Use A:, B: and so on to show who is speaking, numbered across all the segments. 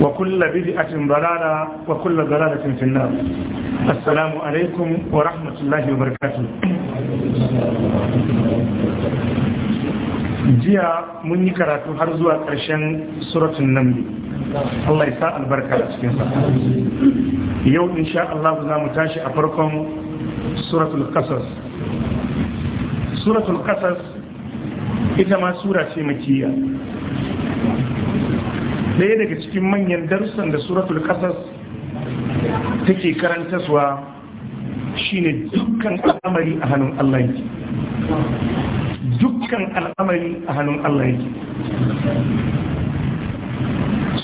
A: وكل بدعة ضلالة وكل ضلالة في النار السلام عليكم ورحمة الله وبركاته jiya mun yi karatu har zuwa ƙarshen suratun namli Allah ya albarka a cikinsa yau insha Allah za mu tashi a farkon suratul qasas suratul qasas ita ma sura ce makiyya ɗaya daga cikin manyan darussan da suratul ƙasas take karantaswa shine dukkan al'amari a hannun Allah yake dukkan al'amari a hannun Allah yake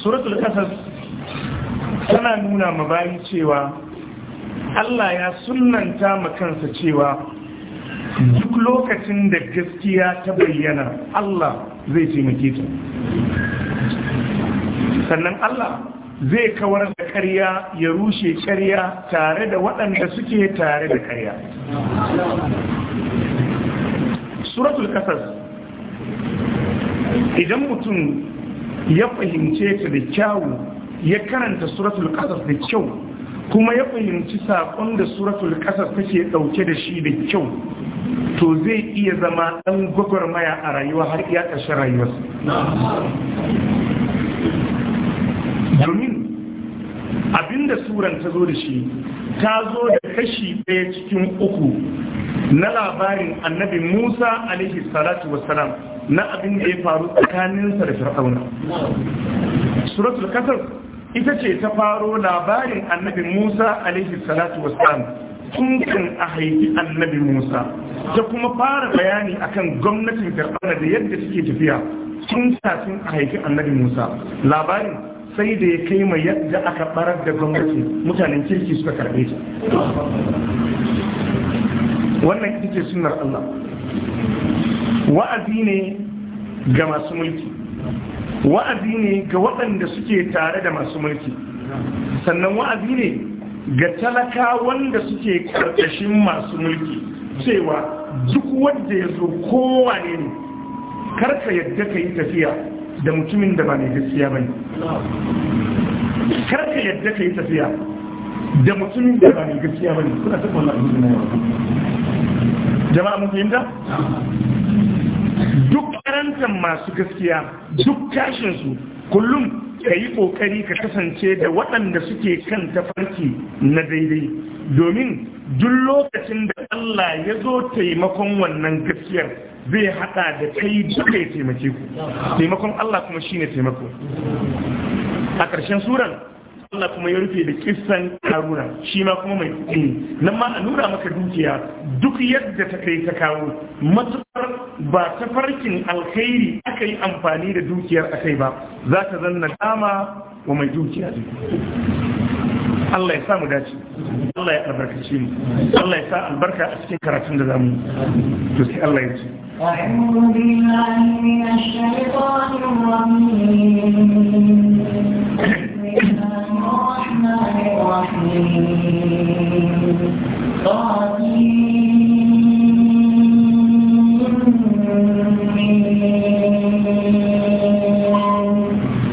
A: suratul ƙasas tana nuna ma bayi cewa Allah ya sunanta ma kansa cewa duk lokacin da gaskiya ta bayyana Allah zai taimake ta sannan Allah zai kawar da ƙarya ya rushe ƙarya tare da waɗanda suke tare da karya suratul kasas idan mutum ya fahimce ta da kyawu ya karanta suratul kasas da kyau kuma ya fahimci saƙon da suratul kasas take ɗauke da shi da kyau to zai iya zama ɗan gwagwarmaya a rayuwa har iya ƙashin rayuwarsa domin abinda suran ta zo da shi ta zo da kashi ɗaya cikin uku na labarin annabi musa alaihi salatu wassalam na abin da ya faru tsakaninsa da fir'auna suratul kasar ita ce ta faro labarin annabi musa alaihi salatu wassalam tun a haifi annabi musa ta kuma fara bayani akan gwamnatin fir'auna da yadda suke tafiya tun kafin a haifi annabi musa labarin sai da ya kai mai yadda aka barar da gwamnati mutanen kirki suka karbe ta wannan ita ce sunar Allah wa'azi ne ga masu mulki wa'azi ne ga waɗanda suke tare da masu mulki sannan wa'azi ne ga talaka wanda suke ƙarƙashin masu mulki cewa duk wanda ya zo kowane ne karka yadda ka yi tafiya da mutumin da ba mai gaskiya ba ne karka yadda ka yi tafiya da mutumin da ba mai gaskiya ba ne kuna taɓa wani abin na yau jama'a mun fahimta duk karantar masu gaskiya duk kashinsu kullum ka yi ƙoƙari ka kasance da waɗanda suke kan tafarki na daidai domin duk lokacin da Allah ya zo taimakon wannan gaskiyar zai haɗa da kai duka ya taimake ku taimakon Allah kuma shine taimako a ƙarshen suran Allah kuma ya rufe da kissan karuna shi ma kuma mai kuɗi ne nan ma a nuna maka dukiya duk yadda ta kai ta kawo matuƙar ba ta farkin alkhairi aka yi amfani da dukiyar akai ba za ta zanna dama wa mai dukiya Allah ya sa mu dace Allah ya albarkace mu Allah ya sa albarka a cikin karatun da zamu to sai Allah ya ce
B: أعوذ بالله من الشيطان الرجيم بسم الله الرحمن الرحيم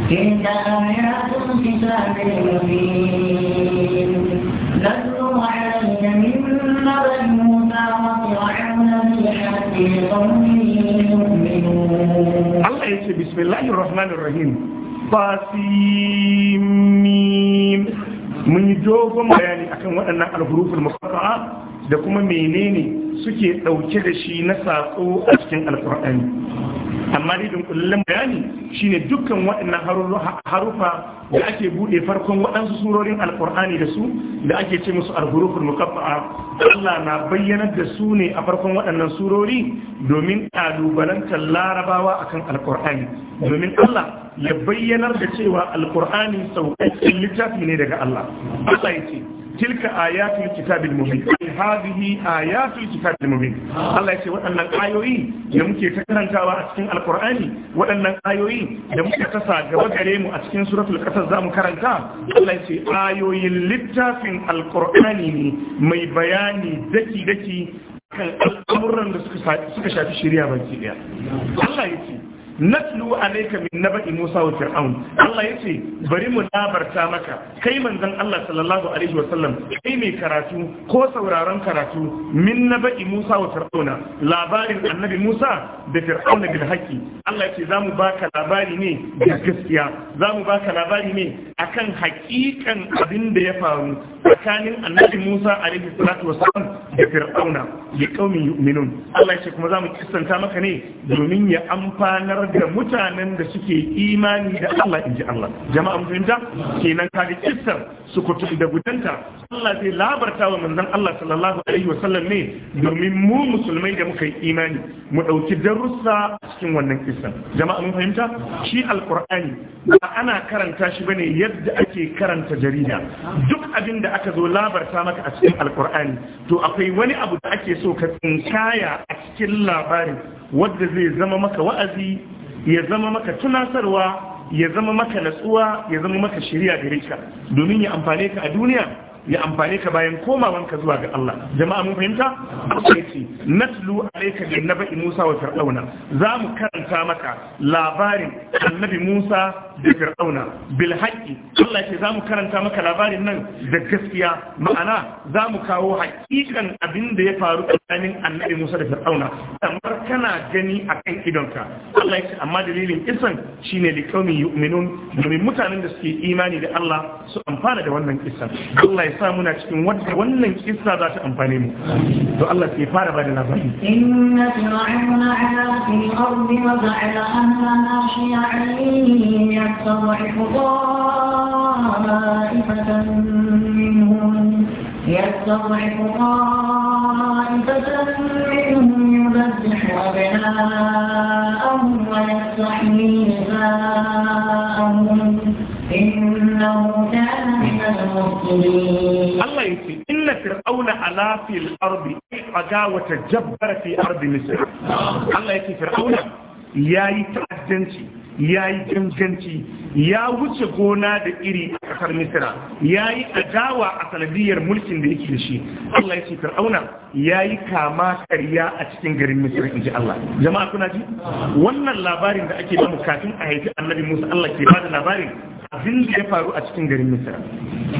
B: تلك آيات الكتاب المبين نتلو عليك من نبأ موسى وفرعون بالحق الله
A: يقول بسم الله الرحمن الرحيم qasimim mun yi dogon bayani akan waɗannan alhuruful muqatta'a da kuma menene suke ɗauke da shi na saƙo a cikin alƙur'ani amma dai dunkulallen bayani shine dukkan waɗannan harufa da ake buɗe farkon waɗansu surorin alkur'ani da su da ake ce musu alhuruful muqaffa'a Allah na bayyanar da su ne a farkon waɗannan surori domin kalubalantar larabawa akan alkur'ani domin Allah ya bayyanar da cewa alƙur'ani sauƙaƙƙen littafi ne daga Allah Allah ya ce tilka ayatul kitabil mubin hadhihi ayatul kitabil mubin Allah yace waɗannan ayoyi da muke ta karantawa a cikin alqur'ani waɗannan ayoyi da muke ta sa gaba gare mu a cikin suratul qasas zamu karanta Allah yace ayoyin littafin alqur'ani ne mai bayani daki daki kan al'amuran da suka shafi shari'a baki daya Allah yace natlu alayka min naba'i Musa wa Fir'aun Allah yace bari mu labarta maka kai manzon Allah sallallahu alaihi wa sallam kai mai karatu ko sauraron karatu min naba'i Musa wa Fir'auna labarin annabi Musa da Fir'auna bil haqi Allah yace zamu baka labari ne da gaskiya zamu baka labari ne akan hakikan abin da ya faru tsakanin annabi Musa alaihi salatu wa sallam da Fir'auna ya kaumi yu'minun Allah yace kuma zamu kissanta maka ne domin ya amfanar samar da mutanen da suke imani da Allah in ji Allah jama'a mun fahimta kenan kaga kissar su kutu da gudanta Allah zai labarta wa manzon Allah sallallahu alaihi wa sallam ne domin mu musulmai da muka yi imani mu dauki darussa cikin wannan kissa jama'a mun fahimta shi alqur'ani ba ana karanta shi bane yadda ake karanta jarida duk abin da aka zo labarta maka a cikin alqur'ani to akwai wani abu da ake so ka tsinkaya a cikin labarin wanda zai zama maka wa'azi ya zama maka tunasarwa ya zama maka natsuwa ya zama maka shirya gare ka domin ya amfane ka a duniya ya amfane ka bayan komawanka zuwa ga Allah jama'a mun fahimta Allah yace natlu alayka bi nabi Musa wa Fir'auna za mu karanta maka labarin annabi Musa da Fir'auna bil haqqi Allah za mu karanta maka labarin nan da gaskiya ma'ana za mu kawo hakikan abin da ya faru tsakanin annabi Musa da Fir'auna kamar kana gani a kan idonka Allah ya ce amma dalilin kisan shine li qaumi yu'minun domin mutanen da suke imani da Allah su amfana da wannan kisan Allah ya sa muna cikin wanda wannan kissa za ta amfane mu to Allah sai fara bada labari
B: inna fir'auna ala fil ardi wa ja'ala يستضعف طائفة منهم يذبح أبناءهم ويستحيي نساءهم إنه كان من
A: المفسدين الله يقول إن فرعون علا في الأرض عداوة وتجبر في أرض مصر الله يقول فرعون يا يتعدنتي ya yi cancanci ya wuce gona da iri a ƙasar misira ya yi adawa a sanadiyar mulkin da yake da shi allah ya ce fir'auna ya yi kama karya a cikin garin misira in ji allah jama'a kuna ji wannan labarin da ake bamu kafin a haifi annabi musa allah ke ba da labarin abin da ya faru a cikin garin misira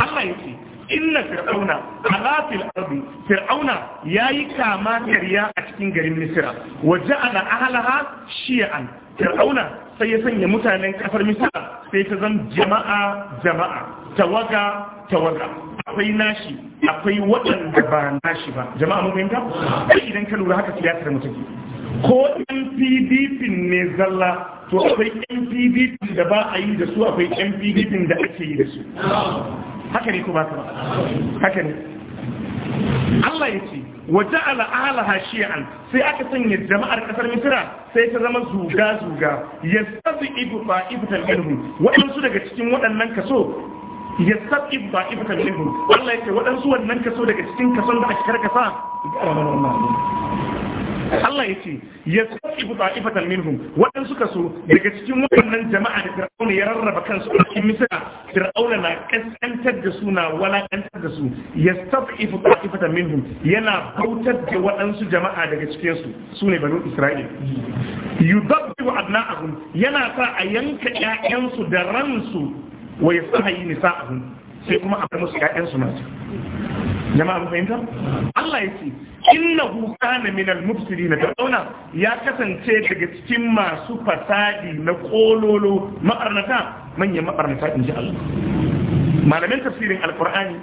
A: allah ya ce inna fir'auna ala fil ardi fir'auna yayi kama kariya a cikin garin misra wa ja'ala ahlaha shi'an fir'auna sai ya sanya mutanen kasar misra sai ta zan jama'a jama'a tawaga tawaga akwai nashi akwai waɗanda ba nashi ba jama'a mun fahimta sai idan ka lura haka siyasar mu take ko NPDP ne zalla to akwai NPDP da ba a yi da su akwai NPDP da ake yi da su haka ne kuma ka haka Allah ya ce wata al'ala hashiyan sai aka sanya jama'ar kasar misira sai ta zama zuga-zuga ya sabi ibu ba ibutan ilhu waɗansu daga cikin waɗannan kaso ya sabi ibu ba ibutan ilhu Allah ya ce waɗansu waɗannan kaso daga cikin kason da aka karkasa Allah ya ce ya sauki bu ta'ifatan minhum wadan suka so daga cikin wannan jama'a da Fir'aun ya rarraba kansu a cikin Misra Fir'aun na kasantar da su na walakantar da su ya ta'ifatan minhum yana bautar da waɗansu jama'a daga cikin su sune banu Isra'il yudabbu abna'ahum yana sa a yanka 'ya'yansu da ransu wa yasahi nisa'ahum sai kuma a bar musu su masu jama'a ba fahimta Allah ya ce innahu kana min al-mufsidin fir'auna ya kasance daga cikin masu fasadi na kololo ma'arnata manyan ma'arnata inji Allah malamin tafsirin alqur'ani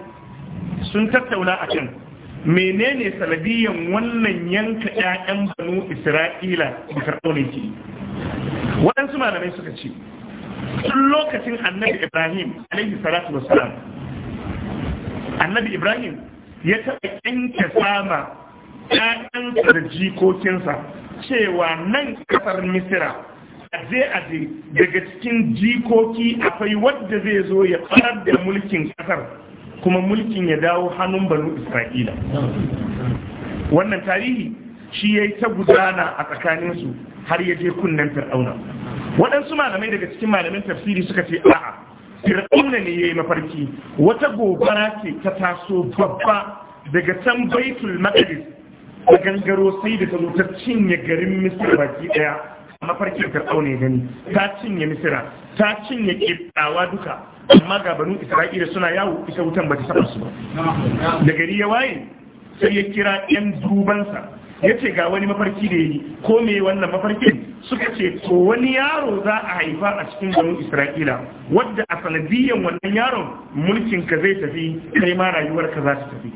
A: sun tattauna a kan menene sanadiyan wannan yanka ƴaƴan banu Isra'ila da fir'auna ke waɗansu malamai suka ce tun lokacin annabi Ibrahim alaihi salatu wassalam annabi Ibrahim ya taɓa ƙinke sama ‘ya'yansa da jikokinsa cewa nan ƙasar misira aje zai daga cikin jikoki akwai wadda zai zo ya farar da mulkin ƙasar kuma mulkin ya dawo hannun banu isra'ila wannan tarihi shi ya yi ta gudana a tsakaninsu har ya je kunnen fir'auna waɗansu malamai daga cikin malamin tafsiri suka ce a'a fir'auna ne yayi mafarki wata gobara ce ta taso babba daga can baitul maqdis da gangaro sai da ta zo ta cinye garin misir baki daya mafarkin firaun ya gani ta cinye misira ta cinye kibtawa duka amma ga banu isra'ila suna yawo ita wutan bata saba su ba da gari ya waye sai ya kira yan dubansa yace ga wani mafarki da yayi ko me wannan mafarkin suka ce to wani yaro za a haifa a cikin garin isra'ila wadda a sanadiyyar wannan yaron mulkin ka zai tafi kai ma rayuwar ka za ta tafi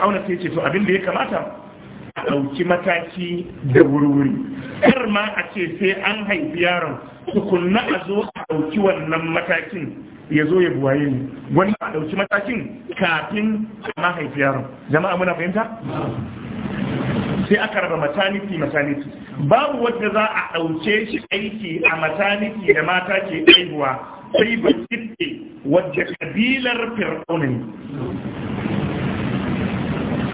A: auna sai ce to abin da ya kamata a ɗauki mataki da wuri-wuri. kar ma a ce sai an haifi yaron tukunna a zo a ɗauki wannan matakin ya zo ya buwaye ni wani a ɗauki matakin kafin ma haifi yaron jama'a muna fahimta sai aka raba mataniti mataniti babu wadda za a ɗauce shi aiki a mataniki da mata ke aihuwa sai ba cikin wadda kabilar fir'auna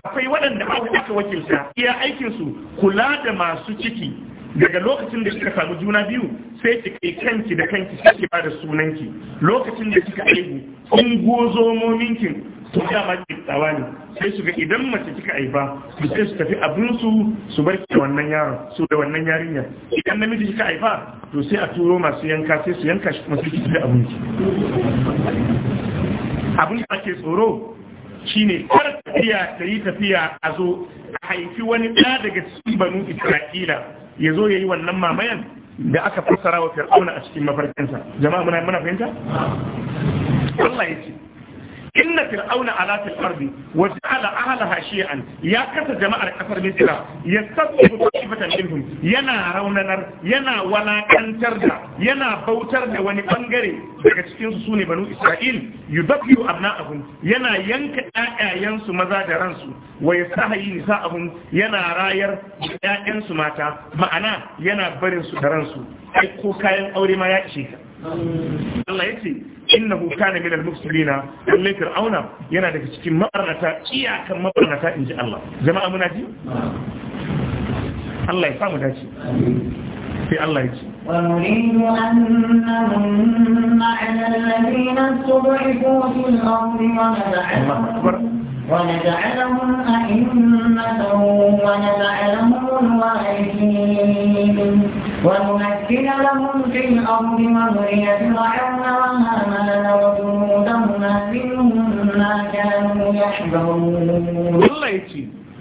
A: akwai waɗanda aka wakilta iya aikinsu kula da masu ciki daga lokacin da kika samu juna biyu sai ki kai kanki da kanki sai ki da sunanki lokacin da kika aihu kun gozo mominkin to dama kiftawa ne sai su ga idan mace kika aifa su sai su tafi abin su su bar ki wannan yaron su da wannan yarinya idan namiji kika aifa to sai a turo masu yanka sai su yanka shi kuma sai ki tafi abin ki abin da ake tsoro shine kar tafiya da yi tafiya a zo a haifi wani ɗa daga cikin banu isra'ila ya zo ya yi wannan mamayan da aka fassara wa fir'auna a cikin mafarkinsa jama'a muna muna fahimta Allah ya ce inna fir'auna ala fil ardi wa ja'ala ahlaha shi'an ya kasa jama'ar kasar misra yastabu qifatan minhum yana raunanar yana walakantar da yana bautar da wani bangare daga cikin su sune banu isra'il yudabbiru abna'ahum yana yanka ƴaƴayen su maza da ransu wa yastahi nisa'ahum yana rayar ƴaƴan su mata ma'ana yana barin su da ransu ai ko kayan aure ma ya ishe ka Inna innahu kana minal mufsilina lalle fir'auna yana daga cikin mabarnata iyakan mabarnata inji Allah jama'a ji Allah ya samu dace sai Allah ya ce
B: ونريد أن نمن على
A: ونجعلهم
B: أئمة ونجعلهم الوارثين ونمكن لهم في الأرض ونري فرعون وهامان وجنودهما منهم ما كانوا يحذرون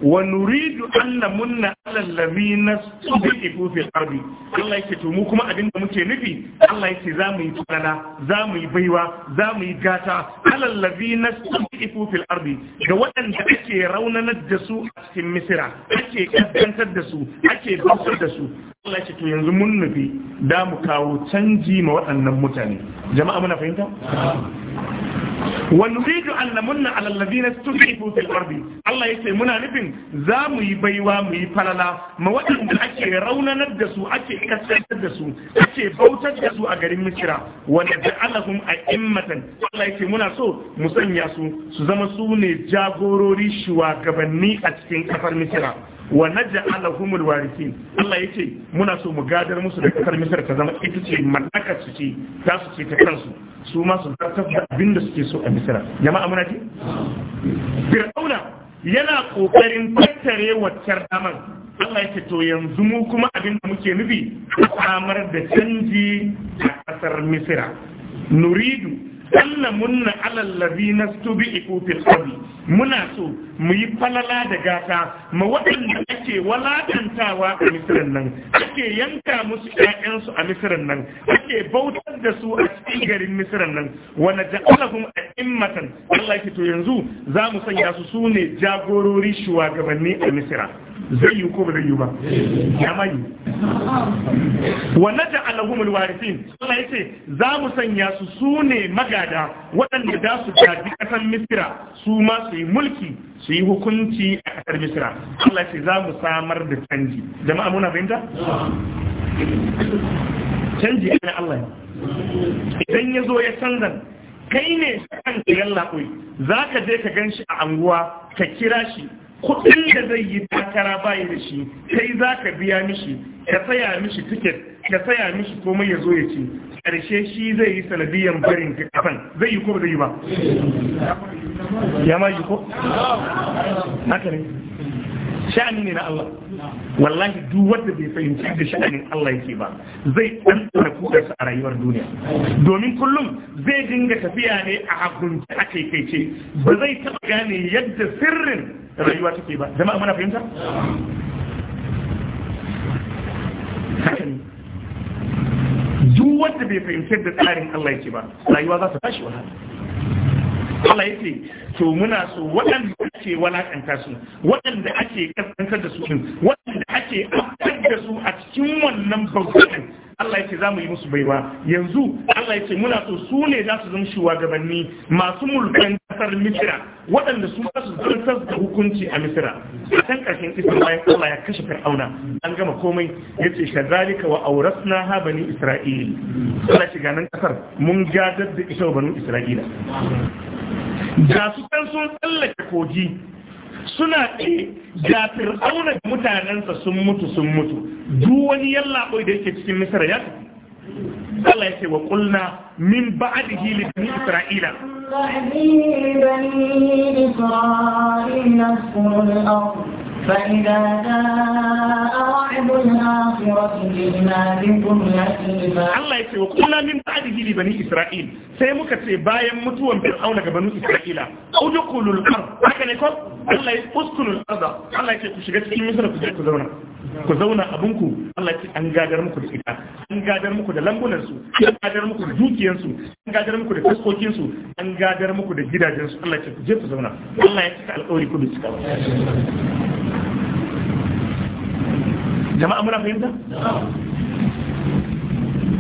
A: wa nuridu an namunna alal ladina subiqu Allah yake to mu kuma abin da muke nufi Allah yake za mu yi tsanana za mu yi baiwa za mu yi gata alal ladina subiqu fil ardi ga waɗanda ake raunanar da su a cikin Misira ake kaskantar da su ake gausar da su Allah yake to yanzu mun nufi da mu kawo canji ma waɗannan mutane jama'a muna fahimta wa nuridu an namunna ala alladhina istud'ifu fil ardi Allah yace muna nufin za mu yi baiwa mu yi falala ma waɗanda ake raunanar da su ake kasantar da su ake bautar da su a garin Misira, Misra wa naj'alahum a'immatan Allah yace muna so mu sanya su su zama sune jagorori shugabanni a cikin kafar Misira. wa naj'alahum alwarithin Allah ce muna so mu gadar musu da ƙasar Misira ta zama ita ce mallaka su ce ta su ce ta kansu su ma su zartar da abin da suke so a Misra jama'a muna ji Fir'auna yana kokarin tattare waccar damar Allah yake to yanzu mu kuma abin da muke nufi samar da canji a kasar Misra nuridu munna alal ladina stubi'u fil ardi muna so mu yi falala da gata ma waɗanda ake walaɗantawa a misirin nan ake yanka musu ƴaƴansu a misirin nan ake bautar da su a cikin garin misirin nan wa naj'alahum a'immatan Allah ki to yanzu za mu sanya su sune jagorori shugabanni a misira zai yi ko ba zai yi ba ya mani wa naj'aluhum alwarithin Allah yace za mu sanya su sune magada waɗanda za su gadi ƙasar misira, su ma su yi mulki su yi hukunci a ƙasar misira. Allah yace za mu samar da canji jama'a muna fahimta canji ne Allah idan ya zo ya canza kai ne kanka yalla za ka je ka gan shi a anguwa ka kira shi kudin da zai yi takara bayi da shi kai za ka biya mishi ka saya mishi tiket ka saya mishi komai ya zo ya ci ƙarshe shi zai yi sanadiyan barin kafan zai yi ko ba zai yi ba ya ma yi ko haka ne sha'ani ne na Allah wallahi duk wanda bai fahimci da sha'anin Allah yake ba zai ɗanɗana kudarsa a rayuwar duniya domin kullum zai dinga tafiya ne a hagunci a kaikaice ba zai taɓa gane yadda sirrin rayuwa take ba jama'a muna fahimta duk wanda bai fahimci da tsarin Allah yake ba rayuwa za ta tashi wahala Allah yake to muna so waɗanda ake walakanta su waɗanda ake kasantar da su waɗanda ake da su a cikin wannan bautan Allah ya ce za mu yi musu baiwa yanzu Allah ya ce muna so su ne za su zama shugabanni masu mulkan kasar Misira waɗanda su za su zartar da hukunci a Misira a can ƙarshen Isra bayan Allah ya kashe Fir'auna an gama komai ya ce shazalika wa aurasna ha bani Isra'il Allah shiga nan kasar mun gadar da ita bani Isra'ila da su kan sun tsallake kogi suna tsaye da fir'auna da mutanensa sun mutu sun mutu duk wani yallaɓoi da yake cikin misar ya Allah ya ce wa kulna min ba'dihi li bani isra'ila
B: ba'dihi bani isra'ila فإذا جاء وعد الآخرة جئنا بكم يسلفا الله يسوى قلنا من بعده لبني إسرائيل سيمك سيبايا
A: متوا بالعون كبنو إسرائيل أدخلوا الأرض لكن يقول الله يسكن الأرض الله يسوى شكت في مصر كذونا ku zauna abinku Allah ya ce an gadar muku da ita an gadar muku da lambunansu an gadar muku da dukiyansu an gadar muku da fiskokinsu an gadar muku da gidajensu Allah ya ce ku je ku zauna Allah ya ce alƙawari ku bisa jama'a muna fahimta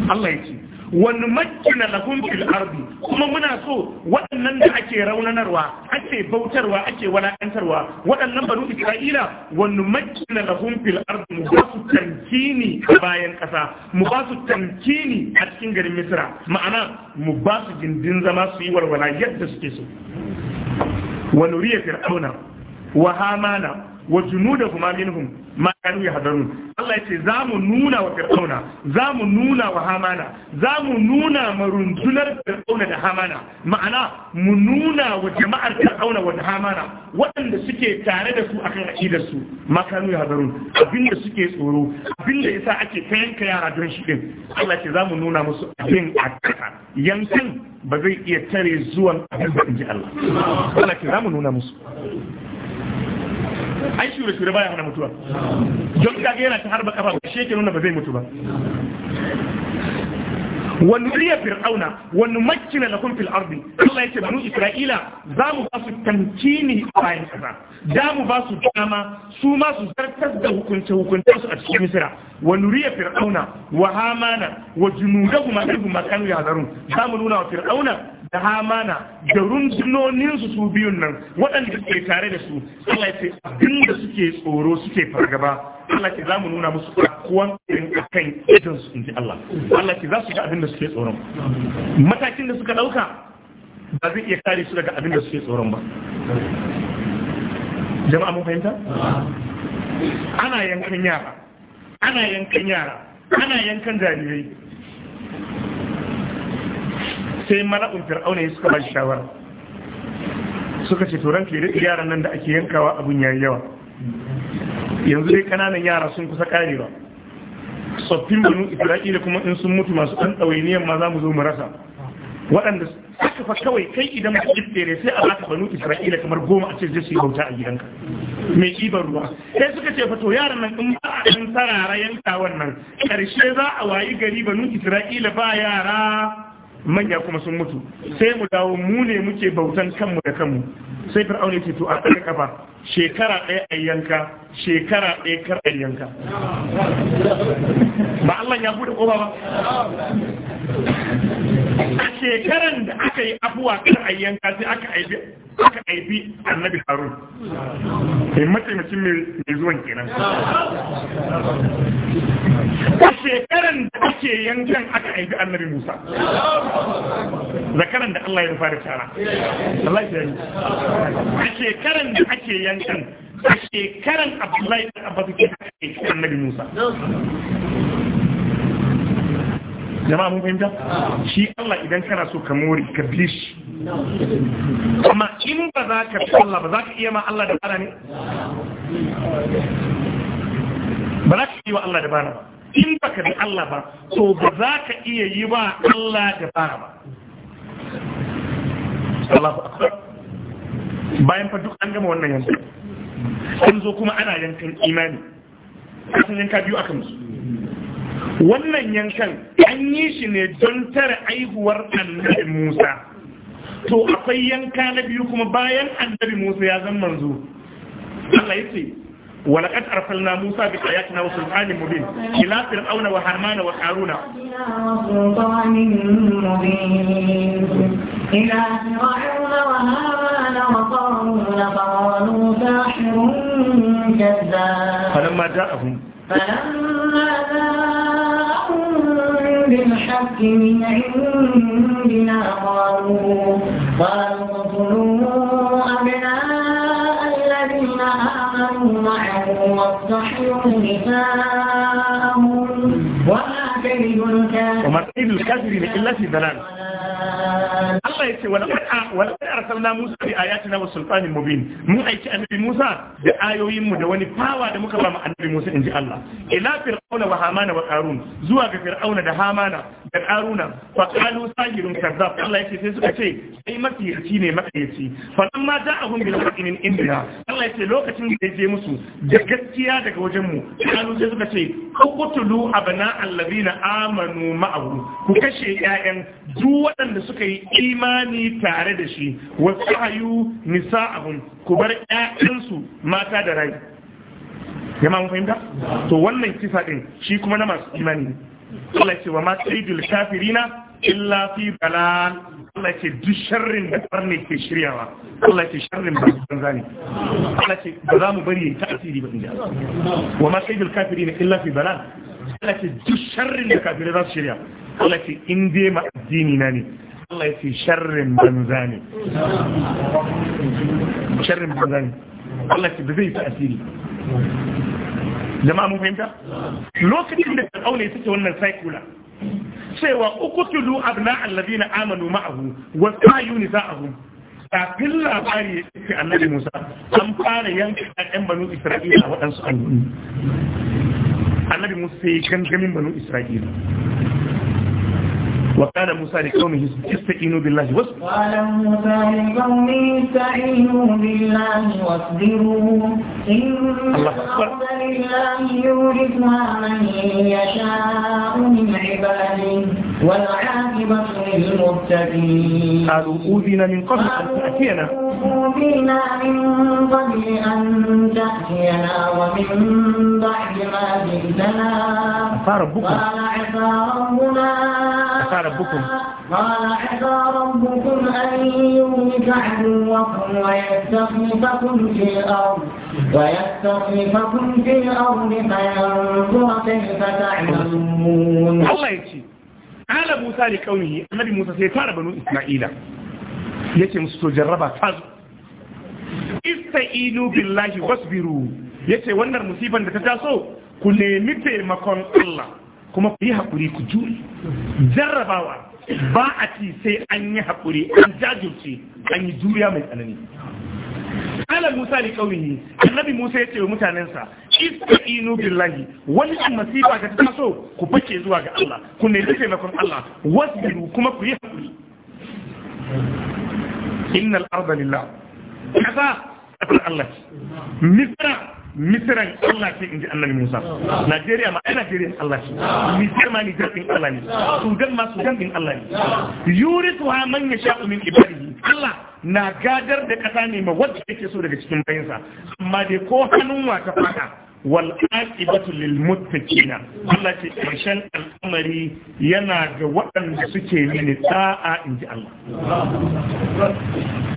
A: Allah ya ce wani makina lahum fil ardi kuma muna so waɗannan da ake raunanarwa ake bautarwa ake walakantarwa waɗannan banu isra'ila wani makina lahum fil ardi mu ba su tankini a bayan ƙasa mu ba su tankini a cikin garin misra ma'ana mu ba su gindin zama su yi warwala yadda suke so Wani nuriya fir'auna wa hamana wa junudahuma minhum ma kan ya hadaru Allah yace za mu nuna wa fir'auna za mu nuna wa hamana za mu nuna maruntunar fir'auna da hamana ma'ana mu nuna wa jama'ar fir'auna wa hamana waɗanda suke tare da su akan aqidar su ma kan ya hadaru abinda suke tsoro abinda yasa ake ta yanka yara don shi din Allah yace za mu nuna musu abin a kasa yankin ba zai iya tare zuwan abin da inji Allah Allah yace za mu nuna musu ai shure shure baya hana mutuwa don kaga yana ta harba kafa shi yake nuna ba zai mutu ba wani riya fir'auna wani makina na fil ardi Allah ce banu Isra'ila za mu ba su tamkini a bayan kasa za mu ba su dama su ma su zartar da hukunce hukunce su a cikin misira. Wani riya fir'auna wa hamana wa kuma ilhum ma ya yahzarun za mu nuna wa fir'auna da hamana da rundunoninsu su biyun nan waɗanda suke tare da su Allah ya ce abinda suke tsoro suke fargaba Allah ce za mu nuna musu kuwan irin a kan idan in ji Allah Allah ce za su ga abin da suke tsoron matakin da suka ɗauka ba zai iya kare su daga abin da suke tsoron ba jama'a mun fahimta ana yankan yara ana yankan yara ana yankan jarirai sai mala'un fir'auna ya suka ba shawara suka ce turan ke yaran nan da ake yankawa abun yayi yawa yanzu dai kananan yara sun kusa karewa tsoffin banu isra'ila kuma in sun mutu masu ɗan ɗawainiyar ma za mu zo mu rasa waɗanda suka fa kawai kai idan ka ne sai a baka banu isra'ila kamar goma a ce zai su yi bauta a gidanka mai kibar ruwa sai suka ce fa to yaran nan in ba a ɗan sarara yanka wannan ƙarshe za a wayi gari banu isra'ila ba yara manya kuma sun mutu sai mu dawo mu ne muke bautan kanmu da kanmu sai fir'auna ce to a ɗaga kafa shekara ɗaya a yanka shekara ɗaya kar a yanka ba Allah ya bude ƙofa ba a shekaran da aka yi abuwa kan a sai aka aibi aka aibi annabi harun mai mataimakin mai zuwan kenan a shekaran da ake yankan aka aibi annabi musa zakaran da allah ya rufa da tara a shekaran da ake yankan a shekaran abdullahi da abbas ke annabi musa jama'a mun fahimta shi Allah idan kana so ka mori, ka bi shi amma in ba za ka bi Allah ba za ka iya ma Allah da bara ne ba za ka iya wa Allah da bara ba in ba ka bi Allah ba to ba za ka iya yi wa Allah da bara ba bayan fa duk an gama wannan yanzu an zo kuma ana yankan imani kasan yanka biyu akan su wannan yankan an yi shi ne don tare aihuwar annabi musa to akwai yanka na biyu kuma bayan annabi musa ya zan manzo Allah yace walaqad arsalna musa bi ayatina wa sulthanin mubin ila fir'auna wa harmana wa qaruna فلما جاءهم
B: فلما جاءهم بالحق من عندنا قالوا قالوا اقتلوا أبناء الذين آمنوا معه واستحيوا نساءهم وما كيد الكافر وما كيد الكافر إلا في ضلال Allah ya ce
A: wani arsalna Musa bi ayatina wa sultanin mubin mun aiki annabi Musa da ayoyin mu da wani fawa da muka ba mu annabi Musa inji Allah ila fir'auna wa hamana wa qarun zuwa ga fir'auna da hamana da qaruna fa qalu sahirun kazzab Allah ya ce sai suka ce sai makiyarci ne makiyarci fa dan ma ja'ahum bil haqqi min indina Allah ya lokacin da ya je musu da gaskiya daga wajen mu qalu sai suka ce qutlu abna allazina amanu ma'ahu ku kashe ƴaƴan duk waɗanda suka yi imani imani tare da shi wasu ayu abun ku bar ƴaƴansu mata da rai ya ma fahimta to wannan sifa din shi kuma na masu imani Allah ce wa ma sayyidul kafirina illa fi balal Allah ce duk sharrin da karne ke shiryawa Allah ce sharrin ba banza ne Allah ce ba za mu bari ta asiri ba inda wa ma sayyidul kafirina illa fi balal Allah ce duk sharrin da kafirai za su shirya Allah ce in dai ma addini na ne الله في شر من زاني شر من زاني الله في بذي تأثيري جماعة مهمة لو كتبنا الأولى يتكلم سيكولا سوى أقتلوا أبناء الذين آمنوا معه وفعيوا نساءهم أقل أباري في النبي موسى أم كان ينكر أن بنو إسرائيل وأنسوا النبي موسى كان جميع بنو إسرائيل وقال موسى لقومه استعينوا بالله واصبروا
B: قال موسى لقومه استعينوا بالله واصبروا إن الله أكبر لله يورثها من يشاء من عباده والعاقبة للمتقين قالوا
A: أوذينا من قبل أن تأتينا
B: أوذينا من قبل أن تأتينا ومن بعد ما جئتنا عسى ربكم قال عسى ربنا عسى ربكم قال عسى ربكم أن يهلك عدوكم ويستخلفكم في الأرض ويستخلفكم في الأرض فينظر كيف تعلمون الله يكفي ala musa li kaunihi annabi musa sai tara banu
A: isra'ila yace musu to jarraba ta zo billahi wasbiru yace wannan musiban da ta taso ku nemi taimakon Allah kuma ku yi hakuri ku juri jarrabawa ba a ci sai an yi hakuri an jajirce an yi juriya mai tsanani ala musa li kaunihi annabi musa yace wa mutanensa istaqinu billahi wannan masifa ga taso ku fake zuwa ga Allah ku nemi taimakon Allah wasbiru kuma ku yi hakuri innal arda lillah kaza kafin Allah misra misiran Allah ce in ji annabi Musa Najeriya ma ai Najeriya Allah ce Nijar ma Nijar din Allah ne Sudan ma Sudan din Allah ne yuritu ha man yasha'u min ibadihi Allah na gadar da kasa ne ma wadda yake so daga cikin bayinsa, amma dai ko hannun wa ta fada wal aqibatu lil muttaqina Allah ce karshen al'amari yana ga waɗanda suke mini da'a inji Allah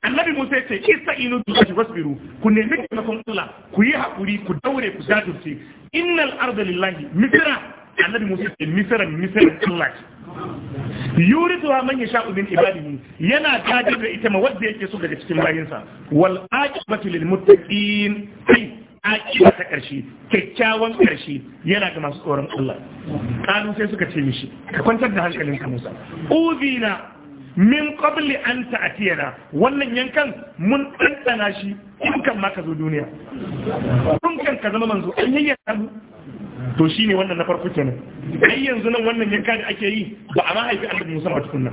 A: Annabi Musa ya ce ista'inu billahi wasbiru ku nemi taimakon Allah ku yi hakuri ku daure ku jajirce innal arda lillahi misra annabi Musa ce misra misra Allah yurituha manya yasha'u min ibadihi yana tajir da ita ma wanda yake so daga cikin bayinsa wal aqibatu lil muttaqin aƙiba ta ƙarshe kyakkyawan ƙarshe yana ga masu tsoron Allah ƙalu sai suka ce mishi ka kwantar da hankalin ka Musa uzina min qabli an ta'tiyana wannan yankan mun ɗanɗana shi kun kan ma ka zo duniya kun kan ka zama manzo an yayyana to shi ne wannan na farko kenan ai yanzu nan wannan yanka da ake yi ba a mahaifi haifi annabi Musa ba tukunna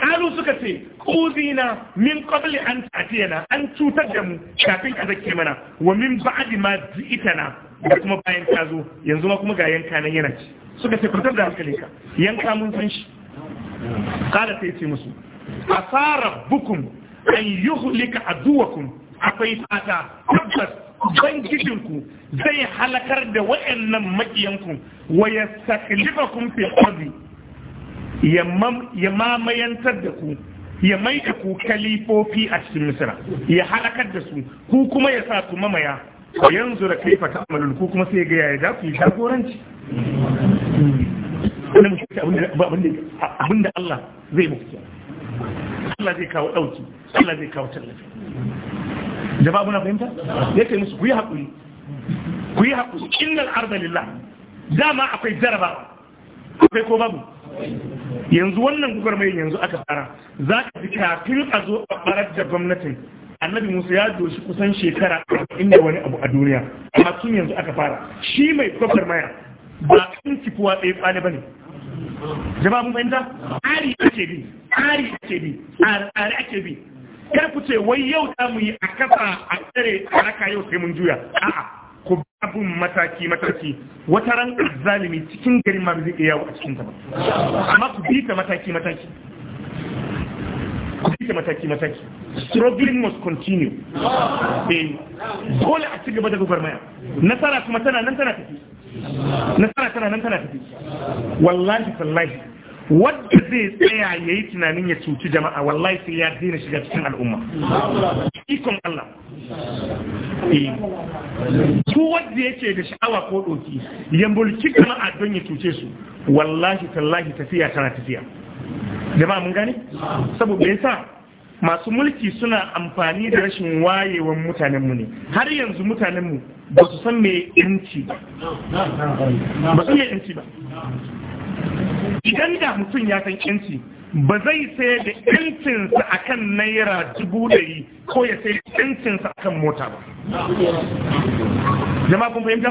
A: kalu suka ce uzina min qabli an ta'tiyana an cutar da mu kafin ka zake mana wa min ba'di ma na? da kuma bayan ka zo yanzu ma kuma ga yanka nan yana ci suka ce kuntar da hankali ka yanka mun san shi kala sai ce musu asara bukum an yuhlika aduwakum akwai fata tabbas ubangijinku zai halakar da wa'annan makiyanku wa ya kun fi ƙwazi, ya mamayantar da ku ya mai da ku kalifofi a cikin misira ya halakar da su ku kuma ya sa ku mamaya ko yanzu da kaifa ta amalul ku kuma sai ga yaya da ku jagoranci wannan mutunci abinda Allah zai muku Allah zai kawo dauki Allah zai kawo tallafi Jababuna fahimta yake musu ku yi haƙuri ku yi haƙuri innal arda lillah dama akwai jaraba akwai ko babu yanzu wannan gwagwarmayin yanzu aka fara za ka ji kafin a zo a barar da gwamnatin annabi musa ya doshi kusan shekara inda wani abu a duniya amma tun yanzu aka fara shi mai gwagwarmaya ba kan kifuwa ɗaya tsale ba ne Jababun fahimta tsari ake bi tsari ake bi tsari ake bi kar ku ce wai yau za mu yi a kasa a a raka yau sai mun juya a'a ku abun mataki mataki wata ran zalimi cikin garin ma zai iya a cikin ta ba amma ku bi ta mataki mataki ku bi ta mataki mataki struggling must continue eh, dole a cigaba da maya. nasara kuma tana nan tana tafi nasara tana nan tana tafi wallahi sallahi. wadda zai tsaya ya yi tunanin ya cuci jama'a wallahi sai ya daina shiga cikin al'umma ikon Allah eh. su wadda yake da sha'awa ko doki ya mulki jama'a don ya cuce su wallahi tallahi tafiya tana tafiya jama'a mun gane saboda yasa masu mulki suna amfani da rashin wayewan mutanenmu ne har yanzu mutanenmu ba su san me yanci ba ba su me yanci ba idan da mutum ya san yanci ba zai sai da yancinsa akan naira dubu ɗari ko ya sai yancinsa akan mota ba jama'a kun fahimta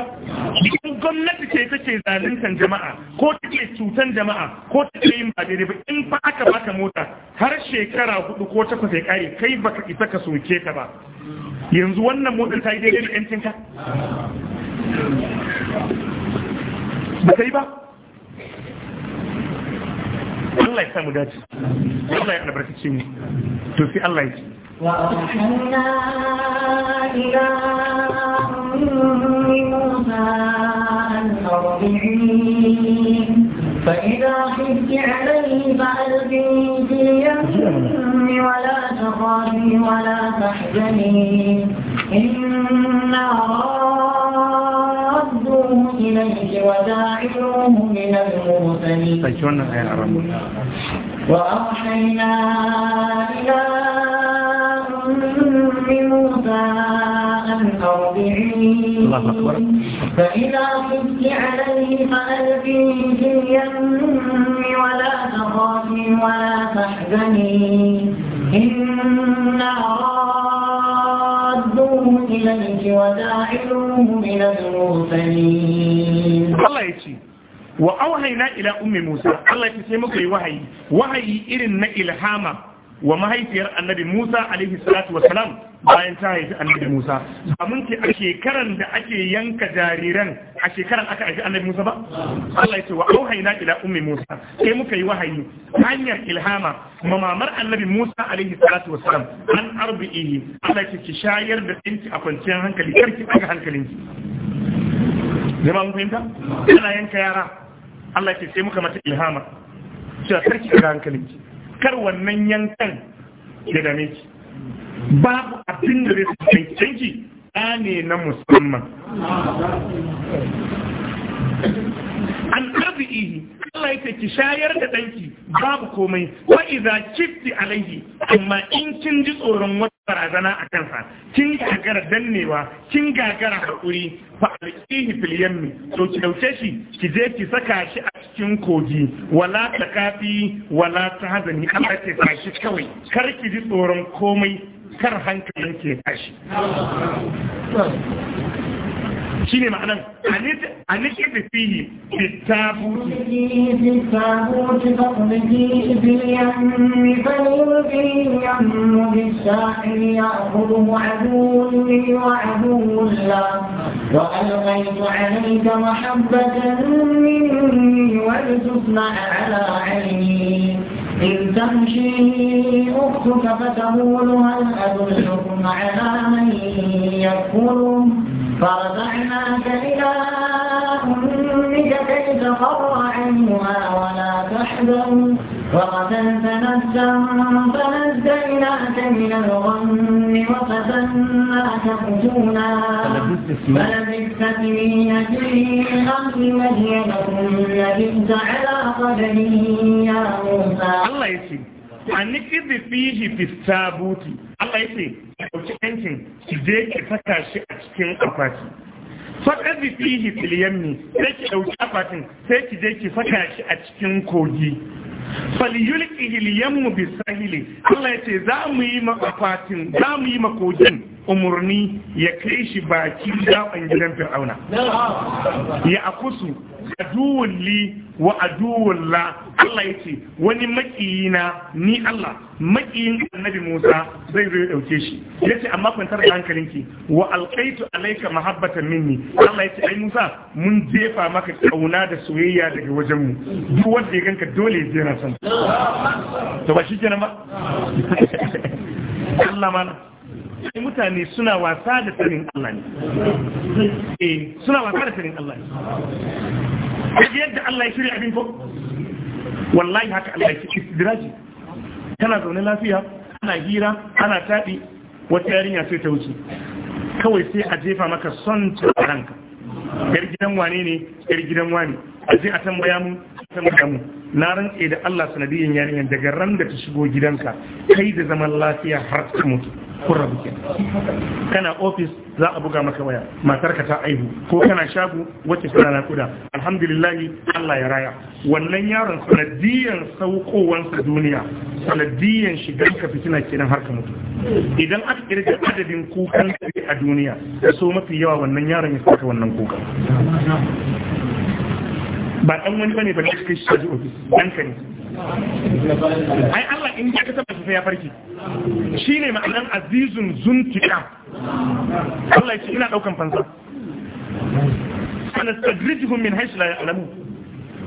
A: in gwamnati ce take zaluntar jama'a ko take cutan jama'a ko take yin ba daidai ba in fa aka baka mota har shekara hudu ko takwas ya kare kai baka isa ka soke ta ba yanzu wannan motar ta yi daidai da yancin ka ba kai ba Allah ya samu dace Allah ya mu to
B: sai Allah ya داعوه إليه وداعوه من المرسلين وأوحينا إلى أم موسى أن أرضعيه فإذا خفت عليه فألقيه في اليم ولا تخافي ولا تحزني إنا رأى Allah ya ce, wa auhaina
A: ila ummi Musa, Allah ya ce sai muka yi wahayi, wahayi irin na ilhama wa mahaifiyar annabi Musa alaihi salatu salam bayan ta haifi annabi Musa amun ce a shekaran da ake yanka jariran a shekaran aka haifi annabi Musa ba Allah ya ce wa auhayna ila ummi Musa sai muka yi wahayi hanyar ilhama ma mamar annabi Musa alaihi salatu salam an arbihi Allah ya ce ki shayar da tsinki a kwanciyar hankali karki daga hankalinki jama'a mun fahimta ana yanka yara Allah ya ce sai muka mata ilhama cewa karki daga hankalinki kar wannan yankan ya dame ki babu abin da zai sanki canki ne na musamman an arzihi Allah ya ki shayar da danki babu komai wa idza kifti alayhi amma in kin ji tsoron wata barazana a kansa kin gagara dannewa kin gagara hakuri fa alqihi fil yammi to ki dauke shi ki je ki saka shi a cikin kogi wala takafi wala tahzani Allah ya sa shi kawai kar ki ji tsoron komai kar hankalin ke tashi shi ne ma'anan a nike da fihi
B: da tabuti وألقيت عليك محبة مني ولتصنع على عيني إذ تمشي أختك فتقول هل أدلكم على من يكفره فرفعناك إلى أمك كي تقر عينها ولا تحزن وقتلت نفسا فنجيناك من الغم وفتناك فتونا فلبثت سنين في أرض مدين لبثت على قدره يا موسى الله يسلمك أنك فيه في
A: التابوت الله يسلمك ɗauki ɗankin ki je ki saka shi a cikin akwati faɗar da filiyan ne sai ki ɗauki akwatin sai ki je ki saka shi a cikin kogi faliyulki hiliyammu bi sahili Allah ya ce za mu yi akwatin za mu yi kogin umarni ya kai shi baki zaɓen gidan fir'auna ya akusu aduwun li wa aduwun la Allah ya ce wani makiyina ni Allah makiyin annabi Musa zai zo ya dauke shi ya ce amma kwantar da hankalinki wa alqaitu alayka mahabbatan minni Allah ya yace ai Musa mun jefa maka kauna da soyayya daga wajen mu duk wanda ya ganka dole ya jira san to ba shi kenan ba Allah mana sai mutane suna wasa da sanin Allah ne. Eh, suna wasa da sanin Allah ne. yadda Allah ya shirya abin ko wallahi haka Allah ya shirya istidraji tana zaune lafiya ana hira ana taɗi wata yarinya sai ta wuce kawai sai a jefa maka son ta ranka yar gidan wane ne yar gidan wane a je a tambaya mu mu na rantse da Allah sanadiyan yarinyar daga ran da ta shigo gidanka kai da zaman lafiya har ta mutu kun rabu ke kana ofis za a buga maka waya matar ka ta aihu ko kana shago wacce suna na nakuda alhamdulillah Allah ya raya wannan yaron sanadiyan saukowansa duniya sanadiyan ka fitina kenan har ka mutu idan aka kirga adadin kukan a duniya da so mafi yawa wannan yaron ya saka wannan kuka. ba dan wani bane ba da kai shi kaji ofis dan ka ai Allah in ka taba shi ya farki shine ma'anar azizun zuntika Allah ya ce ina daukan fansa sanastadrijuhum min haythu la ya'lamu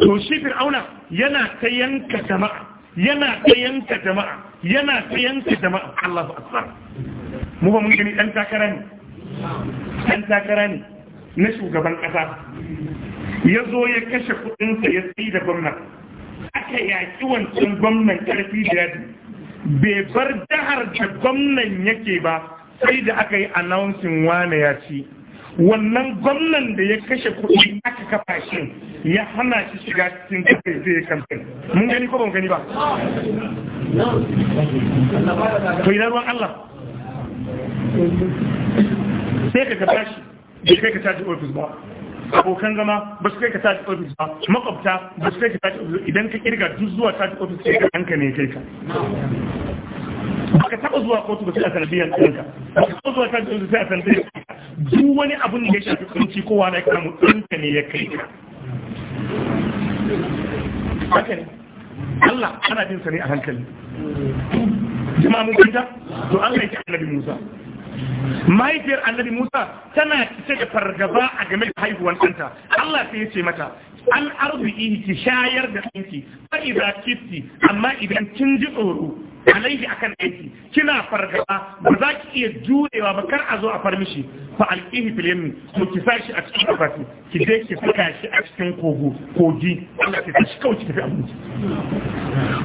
A: to shi fir'auna yana ta yanka jama'a yana ta yanka jama'a yana ta yanka jama'a Allahu akbar mu ba mun gani dan takara ne dan takara ne na shugaban kasa ya zo ya kashe kudinsa ya tsi da gwamna aka yaki wancan gwamnan karfi da yadda bai bar jihar da gwamnan yake ba sai da aka yi announcing wane ya ci wannan gwamnan da ya kashe kuɗi aka kafa shi ya hana shi shiga cikin kafin zai kamfani mun gani ko ban gani ba to ina ruwan Allah sai ka kafa shi da kai ka caji ofis ba abokan zama ba su kai ka tashi ofis ba makwabta ba su kai ka tashi ofis idan ka kirga duk zuwa tashi ofis sai ka hanka ne kai ka baka taba zuwa kotu ba sai a sanadiyar ɗanka baka taɓa zuwa tashi ofis sai a sanadiyar ɗanka duk wani abun da ya shafi kunci kowa na karamu ɗanka ne ya kai ka haka ne Allah ana jin sa ne a hankali jama'a mun kinta to Allah ya ci annabi Musa mahaifiyar annabi musa tana cike da fargaba a game da haihuwan ɗanta allah sai ya ce mata an arziki ki shayar da ɗanki fa idan kitti amma idan kin ji tsoro alaihi akan aiki kina fargaba ba za ki iya jurewa ba kar a zo a farmishi fa alqihi fil yammi mu ki shi a cikin akwati ki je ki saka shi a cikin kogo kogi Allah ki kawai ki tafi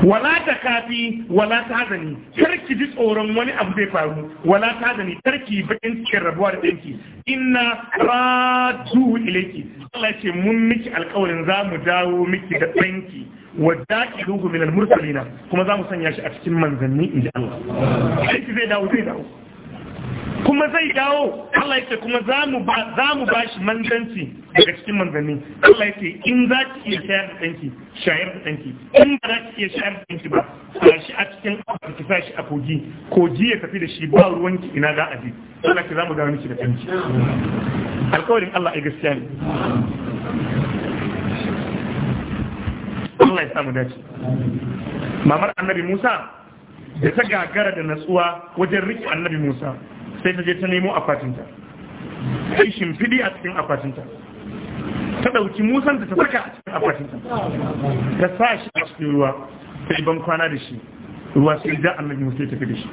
A: wala ta kafi wala ta hazani kar ki ji tsoron wani abu zai faru wala ta hazani kar ki bakin cikin rabuwa da danki inna radu ilayki Allah ce mun miki alƙawarin za mu dawo miki da danki wa da'iruhu min mursalina kuma za mu sanya shi a cikin manzanni inda Allah sai zai dawo zai dawo kuma zai dawo Allah yake kuma za mu za mu bashi manzanci daga cikin manzanni Allah yake in za ki iya shayar da danki shayar da danki in ba za ki iya shayar da danki ba sashi a cikin abu ki sashi a kogi kogi ya tafi da shi ba ki ina za a je Allah ki za mu dawo miki da danki alƙawarin Allah ai gaskiya ne Allah ya samu dace mamar annabi Musa da ta gagara da natsuwa wajen riƙe annabi Musa sai ta je ta nemo akwatinta sai shimfiɗi a cikin akwatinta ta ɗauki musan da ta saka a cikin akwatinta ta sa shi a cikin ruwa sai ban kwana da shi ruwa sai da annabi musa ya tafi da shi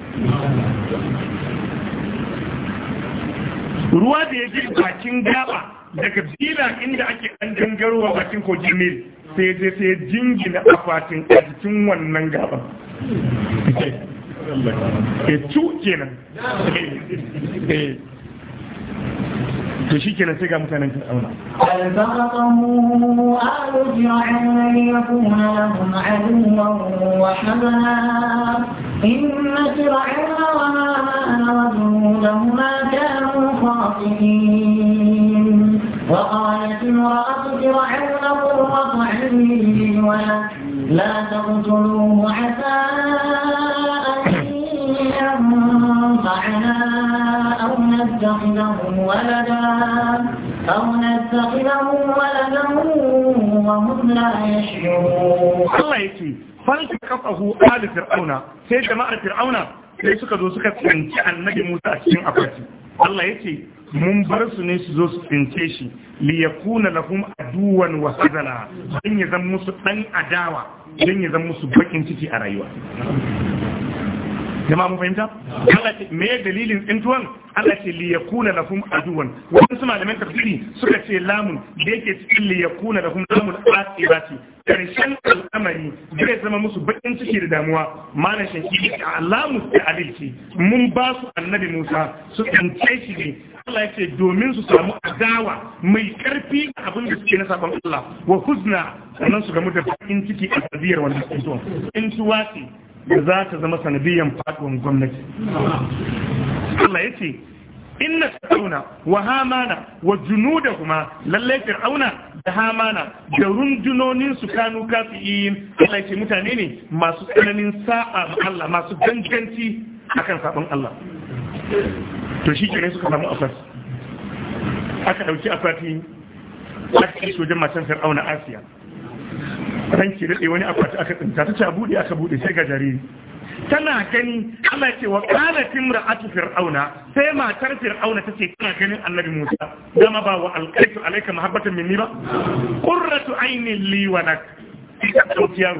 A: ruwa da ya je bakin gaba daga bila inda ake ɗan gangarowa bakin kogin mil sai je sai jingina akwatin a cikin wannan gaban ke eh, cu kenan
B: eh,
A: eh. to shi kenan sai ga mutanen fir'auna
B: فالتقطموا إن فرعون وهامان وجنودهما كانوا خاطئين وقالت امرأة فرعون قرة عين ولا لا تقتلوه عسى أن أو نتخذه ولدا أو نتخذه ولدا وهم لا يشعرون
A: الله يكفي آل فرعون سيد جماعة فرعون sai suka zo suka tsanci annabi Musa a Allah ya ce mun bar su ne su zo su tsince shi li lahum aduwan wa zana, dan ya zama musu dan adawa dan ya zama musu bakin ciki a rayuwa jama'a mun fahimta Allah ce me dalilin tsintuwan Allah ce li yakuna lakum aduwan wannan su malaman tafsiri suka ce lamun da yake cikin li yakuna lakum lamun asibati karshen al'amari zai zama musu bakin ciki da damuwa malam shanki a lamun da adalci mun ba su annabi Musa su tsince shi ne Allah ya ce domin su samu adawa mai karfi a abin da suke na sabon Allah wa huzna sannan su gamu da bakin ciki a tsaziyar wannan tsintuwan in ce da za ta zama sanadiyyan faɗuwan gwamnati Allah ya ce inna fir'auna wa hamana wa kuma lallai fir'auna da hamana da rundunonin su kanu kafiyin Allah ce mutane ne masu tsananin sa'a ma Allah masu ganganci akan sabon Allah to shi kenan suka samu afas aka ɗauki akwati aka kai wajen matan fir'auna Asiya ranki daɗe wani akwati aka tsinta ta ce a buɗe aka buɗe sai ga jariri tana gani ana ce wa kanatin ra'atu fir'auna sai matar fir'auna ta ce tana ganin annabi musa dama ba wa alƙaitu alaika mahabbatan minni ba qurratu ainin li wa lak ita dauki ta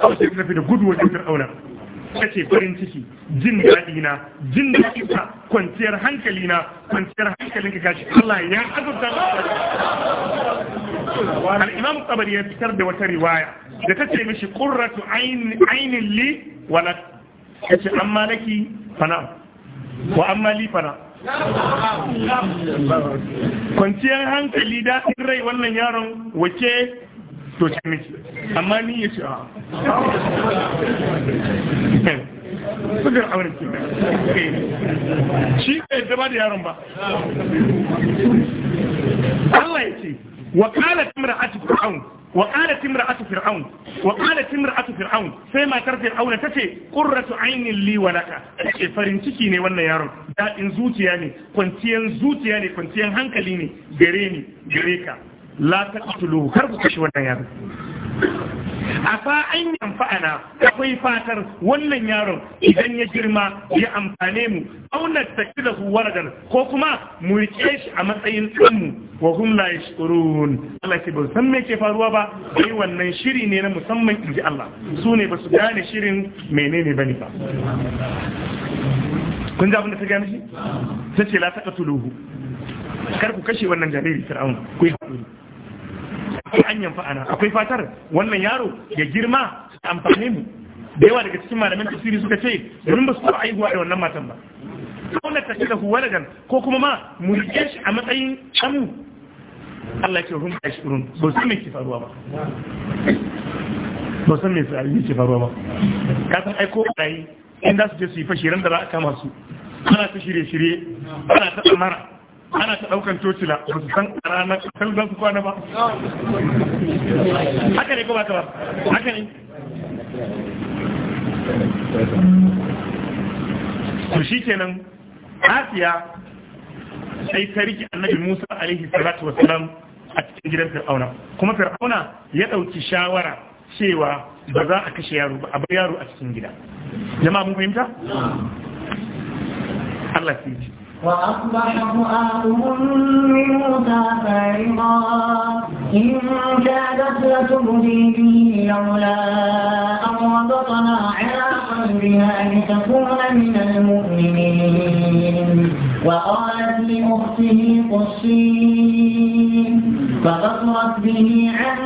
A: kawai da gudu wajen fir'auna ce farin ciki jin daɗi na jin daɗi ta kwanciyar hankali na kwanciyar hankalin ka gashi Allah ya azurta al-imam tabari ya fitar da wata riwaya da ta ce mishi qurratu aynin li wa lak yace amma laki fana wa amma li fana kwanciyar hankali daɗin rai wannan yaron wace to ce miki amma ni ya ce a sugar auren shi ka yadda ba da yaron ba Allah ya ce وقالت امرأة فرعون وقالت امرأة فرعون وقالت امرأة فرعون سيما تر فرعون تتي قرة عين لي ولك فرنتكي ني wannan yaron Daɗin zuciya ne kwanciyan zuciya ne kwanciyan hankali ne gare ni gare ka la taqtulu kar ku kashi wannan yaron a fa an akwai fatar wannan yaron idan ya girma ya amfane mu auna tafi da waradan ko kuma mu rike shi a matsayin tsammu wa hum la yashkurun Allah ce ba san me ke faruwa ba sai wannan shiri ne na musamman inji Allah su ne ba su gane shirin menene bane ba kun ji abin da ta gane shi ta ce la taqtuluhu kar ku kashe wannan jariri fir'aun ku yi haƙuri akwai hanyar fa'ana akwai fatar wannan yaro ya girma amfani mu da yawa daga cikin malamin tasiri suka ce domin ba su taɓa aihuwa da wannan matan ba kauna ta shiga waladan ko kuma ma mu rike shi a matsayin canmu Allah ke rumba shi irin ba san me ke faruwa ba ba san me ke faruwa ba ka san aiko ɗayi in za su je su yi fashirin da za a kama su ana ta shirye-shirye ana ta tsamara ana ta daukan tocila ba su san a ranar kan za su kwana ba haka ne ko ba ka ba haka ne to shi kenan asiya sai ta annabi musa alaihi salatu wasalam a cikin gidan fir'auna kuma fir'auna ya ɗauki shawara cewa ba za a kashe yaro ba a bar yaro a cikin gida jama'a mun fahimta Allah ya ji
B: وأصبح فؤادهم من موسى فارغا إن كادت لتبدي به لولا أن ربطنا على قلبها لتكون من المؤمنين وقالت لأخته قصي فقصرت به عن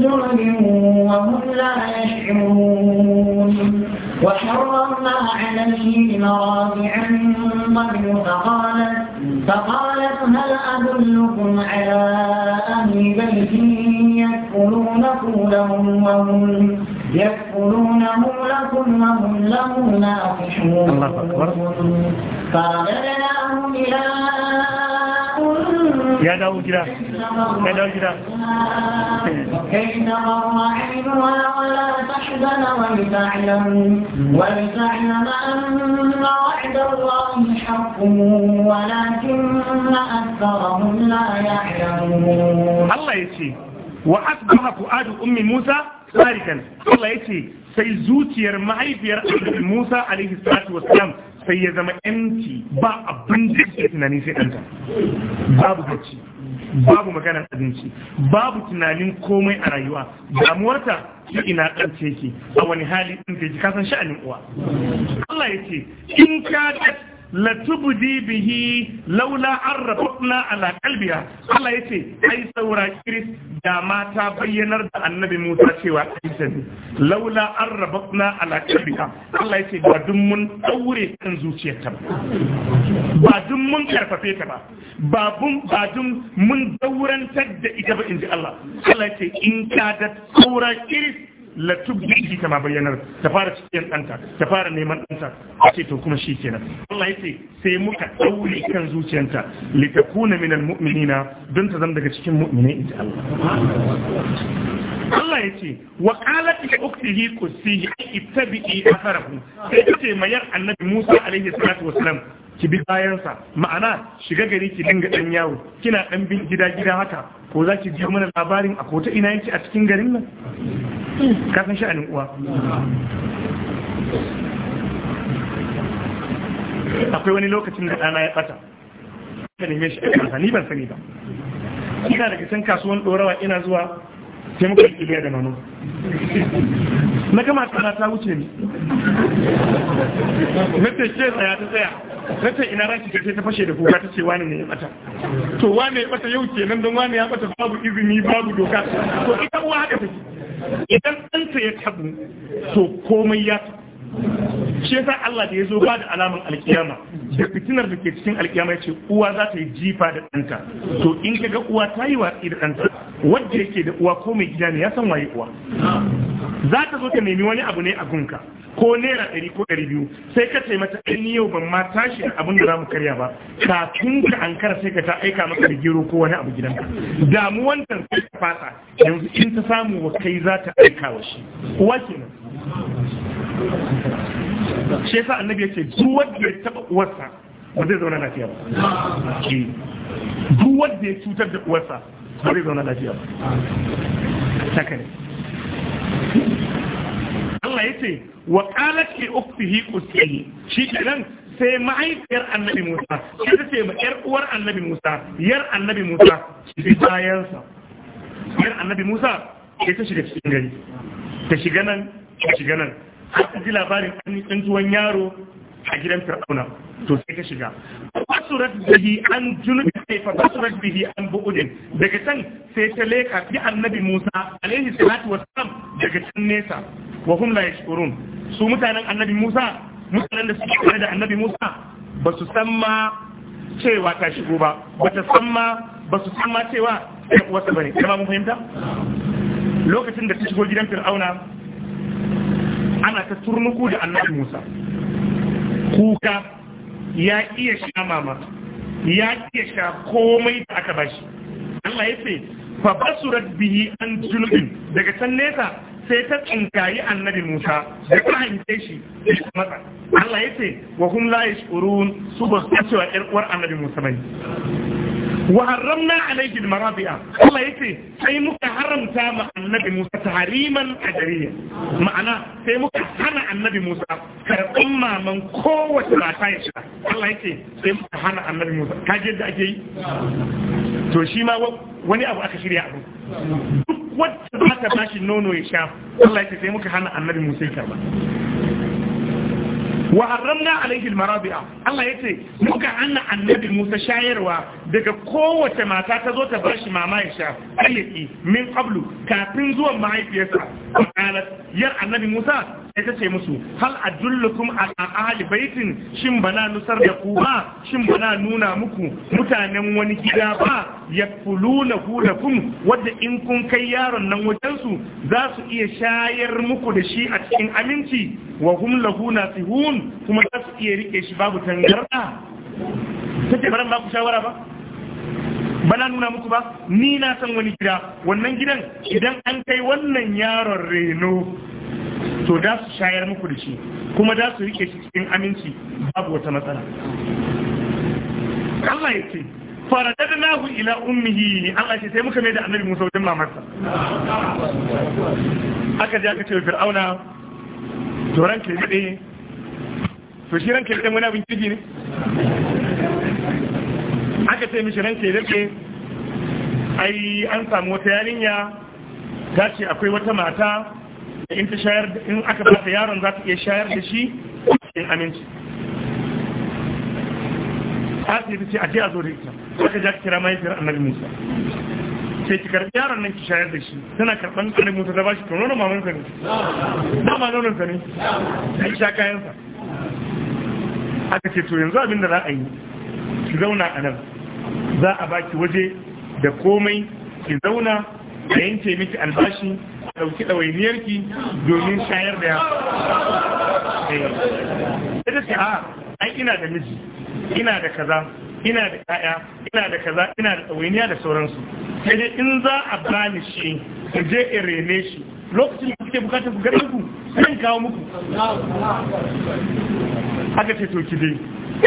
B: جنب وهم لا يشعرون وحرمنا عليه المراضع من قبل فقالت فقالت هل أدلكم على أهل بيت يكفلونه لهم وهم يكفلونه لكم وهم له ناصحون الله أكبر فرددناه إلى ya
A: dawo gida ya dawo gida
B: Allah ya ce wa asbaha fu'adu ummi Musa tsarikan
A: Allah ya ce sai zuciyar mahaifiyar Musa alaihi salatu sai ya zama yanci ba abin da ke tunani sai ɗanta babu gaci babu maganar abinci babu tunanin komai a rayuwa damuwarta ta ina ɗance ke a wani hali ɗin ka san kasan sha'anin uwa Allah ya ce in ka latubdi bihi laula an rabatna ala qalbiha Allah yace ai saura kiris da mata bayyanar da annabi Musa cewa Isa ne laula an rabatna ala qalbiha Allah yace ba dun mun daure kan zuciyarta ba ba dun mun karfafe ta ba ba dun ba dun mun daurantar da ita ba inji Allah Allah yace in kadat saura kiris la tubdi kama bayyanar ta fara cikin ɗanta ta fara neman ɗanta a ce to kuma shi kenan Allah yace sai muka ɗaure kan zuciyanta litakuna minal mu'minina don ta zama daga cikin mu'mini inda Allah Allah ya ce wa qalat li ukhtihi qusihi ittabi'i atharahu sai ce mayar annabi Musa alaihi salatu wasalam ki bi bayansa ma'ana shiga gari ki dinga dan yawo kina dan bin gida gida haka ko zaki ji mana labarin a kota ina yake a cikin garin nan kafin sha'anin uwa akwai wani lokacin da ɗana ya ɓata ka neme shi a ƙasa ni ban sani ba ina daga can kasuwan ɗorawa ina zuwa sai muka yi kiliya da nono na kama tsara ta wuce ni na ce ke tsaya ta tsaya na ce ina raki ta ta fashe da kuka ta ce wani ne ya bata to wani ya bata yau kenan don wani ya bata babu izini babu doka to ita uwa haka take idan ɗanta ya tabu to komai ya tabu shi yasa Allah da ya zo ba da alaman alkiyama da fitinar da ke cikin alkiyama yace uwa za ta yi jifa da ɗanta to in kaga uwa ta yi watsi da ɗanta wanda yake da uwa ko mai gida ne ya san waye uwa za ta zo ta nemi wani abu ne a gunka ko naira ɗari ko ɗari biyu sai ka ce mata in yau ban ma tashi da abin da za mu karya ba kafin ka ankara sai ka ta aika maka da gero ko wani abu gidanka damuwan ta sai ta fasa yanzu in ta samu wa kai za ta aika wa shi uwa kenan shi annabi yace duk wanda ya taba uwarsa ba zai zauna lafiya ba duk wanda ya cutar da uwarsa ba zai zauna lafiya ba haka ne Allah yace wa qalat ke ukhtihi qusayyi shi kenan sai mahaifiyar annabi Musa shi ta ce ma yar uwar annabi Musa yar annabi Musa shi bayansa yar annabi Musa sai ta shiga cikin gari ta shiga nan ta shiga nan har ka ji labarin tsintuwan yaro a gidan fir'auna to sai ka shiga basurat bihi an junubi sai eh, fa basurat bihi an bu'udin daga can sai ta leka fi annabi Musa alaihi salatu wassalam daga can nesa wa hum la yashkurun su mutanen annabi Musa mutanen da suke tare da annabi Musa ba su san ma cewa ta shigo ba ba ta san ma ba su san ma cewa ta uwarsa bane kuma mun fahimta lokacin da ta shigo gidan fir'auna ana ta turnuku da annabi Musa kuka ya iya sha mama ya iya sha komai da aka bashi Allah ya ce fa basurat bihi an julbin daga can nesa sai ta tsinkayi annabi Musa da fahimce shi matsa Allah ya ce wa hum la yashurun su ba su cewa annabi Musa bane wa haramna alaihi almarabi'a Allah yace sai muka haramta ma annabi Musa tahriman ajariya ma'ana sai muka hana annabi Musa karɓan maman kowace mata ya sha Allah yace sai muka hana annabi Musa ka je da ake yi to shi ma wani abu aka shirya abu duk wacce za ta bashi nono ya sha Allah yace sai muka hana annabi Musa ya karba wa haramna alaihi almarabi'a Allah yace muka hanna annabi Musa shayarwa daga kowace mata ta zo ta bashi mama ya sha ayyaki min qablu kafin zuwan mahaifiyarsa qalat ya annabi Musa sai ta ce musu hal adullukum ala ahli baitin shin bana nusar da ku ba shin bana nuna muku mutanen wani gida ba yakfuluna hu lakum wanda in kun kai yaron nan wajen su za su iya shayar muku da shi a cikin aminci wa hum lahu nasihun kuma za su iya rike shi babu tangarda take baran ba ku shawara ba bana nuna muku ba ni na san wani gida wannan gidan idan an kai wannan yaron reno to da su shayar muku da shi kuma da su rike shi cikin aminci babu wata matsala Allah ya ce faradadnahu ila ummihi Allah ce sai muka mai da annabi Musa wajen mamarsa aka je aka ce fir'auna to ran ke ne to shi ran ke ne wani abin ciki ne aka ce mishi ran ke dade ai an samu wata yarinya ta ce akwai wata mata in ta shayar in aka ba ta yaron za ta iya shayar da shi cikin aminci asiri ce a ce a zo da ita aka ja kira mahaifiyar annabi musa sai ki karɓi yaron nan ki shayar da shi tana karɓar annabi musa ta ba shi tono maman sa
C: ne
A: dama nonon sa ne ya sha kayansa. sa aka ce to yanzu abin da za a yi ki zauna a nan za a baki waje da komai ki zauna da yanke miki albashi a ɗauki ɗawainiyarki domin shayar da yawa eh. sai ce a ah, ai ina da miji ina da kaza ina da kaya ina da kaza ina da ɗawainiya da sauransu sai dai in za a bani shi ku je in rene shi lokacin da kuke bukatar ku gare ku zan kawo muku haka ce to ki dai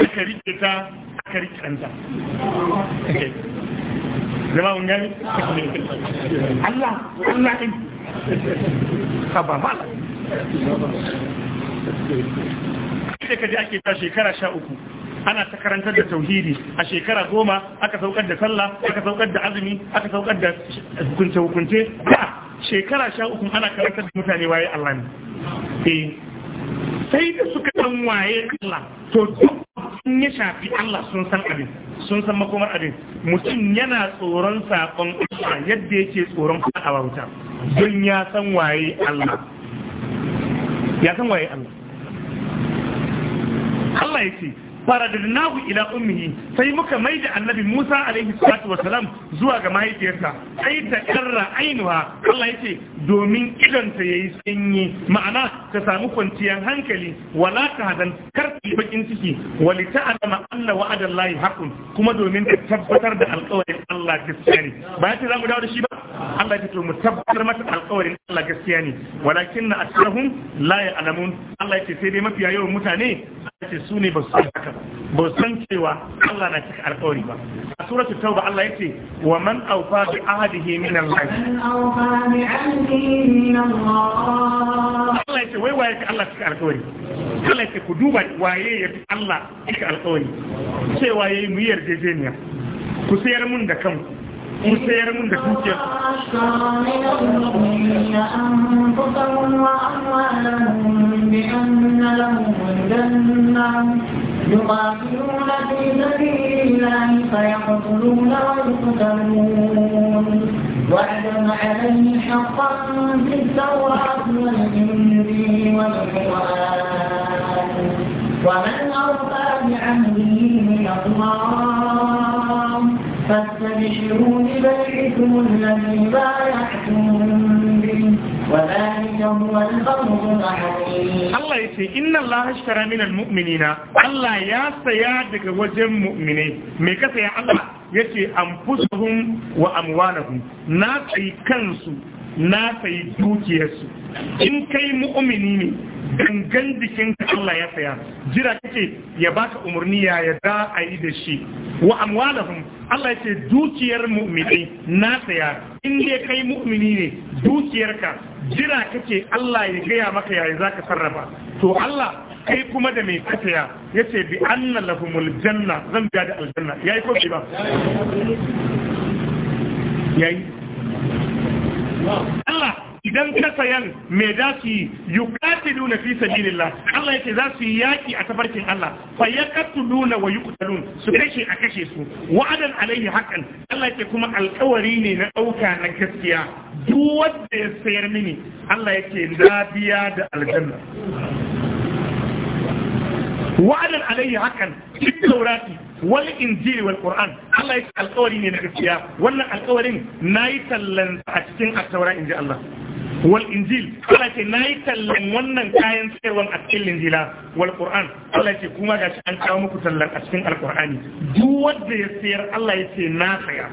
A: aka rike ta aka rike ɗanta zama mun gani Allah Allah din saba mala sai ka ji ake ta shekara sha uku ana ta karantar da tauhidi a shekara goma aka saukar da sallah aka saukar da azumi aka saukar da hukunce hukunce shekara sha uku ana karantar da mutane waye Allah ne eh, sai da suka san waye Allah to duk sun ya shafi Allah sun san abin sun san makomar abin mutum yana tsoron sakon Allah yadda yake tsoron fadawa wuta don ya san waye Allah ya san waye Allah Allah yake faradadnahu ila ummihi sai muka maida annabi Musa alaihi salatu wasalam zuwa ga mahaifiyarsa ai da karra ainuha Allah yace domin idanta yayi sanyi ma'ana ka samu kwanciyar hankali wala ka hadan karfi bakin ciki wali ta'lama anna wa'ada Allah haqqun kuma domin ka tabbatar da alƙawarin Allah gaskiya ne ba ya za mu dawo da shi ba Allah ya ce mu tabbatar mata alƙawarin Allah gaskiya ne walakin na asrahum la ya'lamun Allah ya ce sai dai mafiya yawan mutane ce su ne ba su haka ba ba san cewa Allah na cika alƙawari ba a suratul tauba Allah yace wa man awfa bi ahdihi min Allah
B: Allah yace wai waye ka Allah
A: cika alƙawari Allah yace ku duba waye ya fi Allah cika alƙawari cewa yayi mu yarjejeniya ku sayar mun da kanku ku sayar mun da dukiyar
B: أنفسهم وأموالهم بأن لهم الجنة يقاتلون في سبيل الله فيقتلون ويقتلون وعدا عليه حقا في التوراة والإنجيل والقرآن ومن أوفى بعهده من الله فاستبشروا ببيعكم الذي بايعتم به Allah ya ce, Inna Allah hashtara minan mu'minina, Allah ya
A: saya daga wajen mu'minai, mai ka saya Allah ya ce, Amfusuhun wa amwanahun, na tsayi kansu, na tsayi dukiyarsu. In kai mu'mini ne, gangan jikin Allah ya saya, jira kake ya baka umarni ya yada a yi da shi. Wa amwanahun, Allah ya ce, dukiyar mu'minai na saya, in dai kai mu'mini ne, dukiyarka jira kake Allah ya gaya maka yayi zaka sarrafa to Allah kai kuma da mai kataya yace bi anna lahumul janna zan biya da aljanna yayi ko ba yayi Allah idan ka sayan me za su yi yuqatilu na fi sabilillah Allah yake za su yi yaki a tafarkin Allah fa ya yaqtuluna wa yuqtalun su kashe a kashe su wa'adan alaihi haqqan Allah yake kuma alƙawari ne na ɗauka na gaskiya duk wanda ya sayar mini Allah yake lafiya da aljanna wa'adan alaihi haqqan cikin taurati wal injili wal qur'an Allah yake alƙawari ne na gaskiya wannan alƙawarin nayi tallan a cikin at-taura inji Allah wal injil Allah ce na yi tallan wannan kayan sayarwan a cikin linjila wal qur'an Allah ce kuma gashi an kawo muku tallan a cikin Alƙur'ani. duk wanda ya sayar Allah ya ce na saya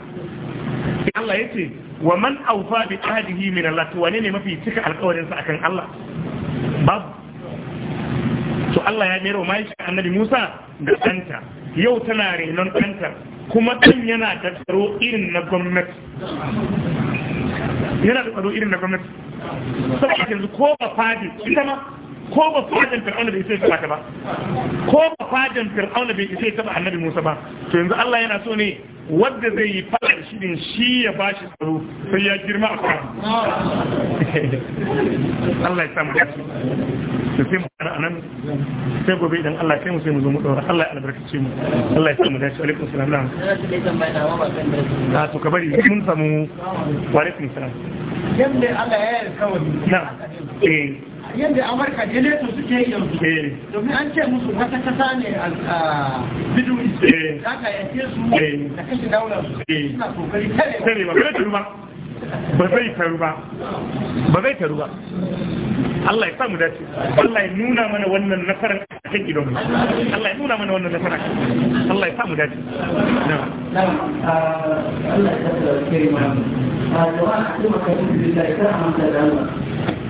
A: Allah ya ce wa man awfa bi ahdihi min Allah to wane ne mafi cika alƙawarin sa akan Allah babu to Allah ya mero mai annabi Musa da ɗanta yau tana renon kanta kuma ɗan yana da tsaro irin na gwamnati yana da tsaro irin da gwamnati saboda yanzu ko ba fadi ita ma ko ba fadan fir'auna bai isa ta ba ko ba fir'auna bai annabi Musa ba to yanzu Allah yana so ne wanda zai yi faɗa shi din shi ya bashi tsaro sai ya girma a kan Allah ya samu dace sai mu kana anan sai gobe idan Allah kai mu sai mu zo mu dora Allah ya albarkace mu Allah ya samu dace alaikum salam ah, to mun samu wa alaikum salam
B: yanda Allah ya yarda kawai na
A: eh yadda amurka jeleto suke yi yanzu eh. domin an ce musu wata kasa ne a biduwi eh. za ka yake su eh. da kashe daular suna kokari tare ba zai taru ba ba zai taru ba ba zai taru ba Allah ya samu dace Allah ya nuna mana wannan nasarar kan idon Allah ya nuna mana wannan
B: nasarar Allah ya samu dace ah, Allah ya ah, da a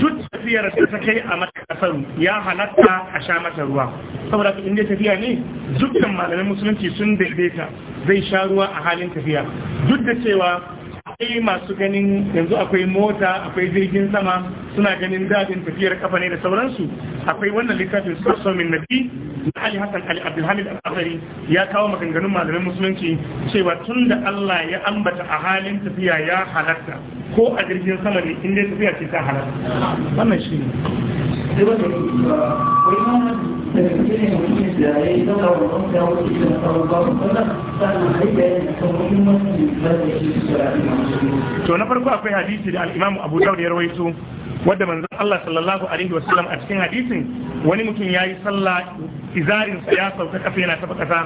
A: duk tafiyar da ta kai a matakasar ya halatta a sha mata ruwa saboda su inda tafiya ne dukkan malamin musulunci sun daidaita zai sha ruwa a halin tafiya duk da cewa akwai masu ganin yanzu akwai mota akwai jirgin sama suna ganin dadin tafiyar kafa ne da sauransu akwai wannan littafin sosai min nabi na ali hassan ali abdulhamid al-azhari ya kawo maganganun malamin musulunci cewa tun da allah ya ambata a halin tafiya ya halarta, ko a jirgin sama ne inda tafiya ce ta halarta? wannan shi to na farko akwai hadisi da al'imamu Abu Dawud ya rawaito wadda manzan Allah sallallahu alaihi wasallam a cikin hadisin wani mutum ya yi sallah izarin sa ya sauka kafa yana taba kasa